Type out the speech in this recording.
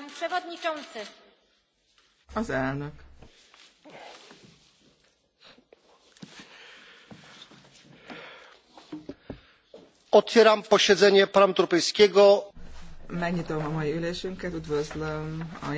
Pan przewodniczący. Az elnök. Otwieram posiedzenie Parlamentu Europejskiego. Megnyitom a mai ülésünket, üdvözlöm a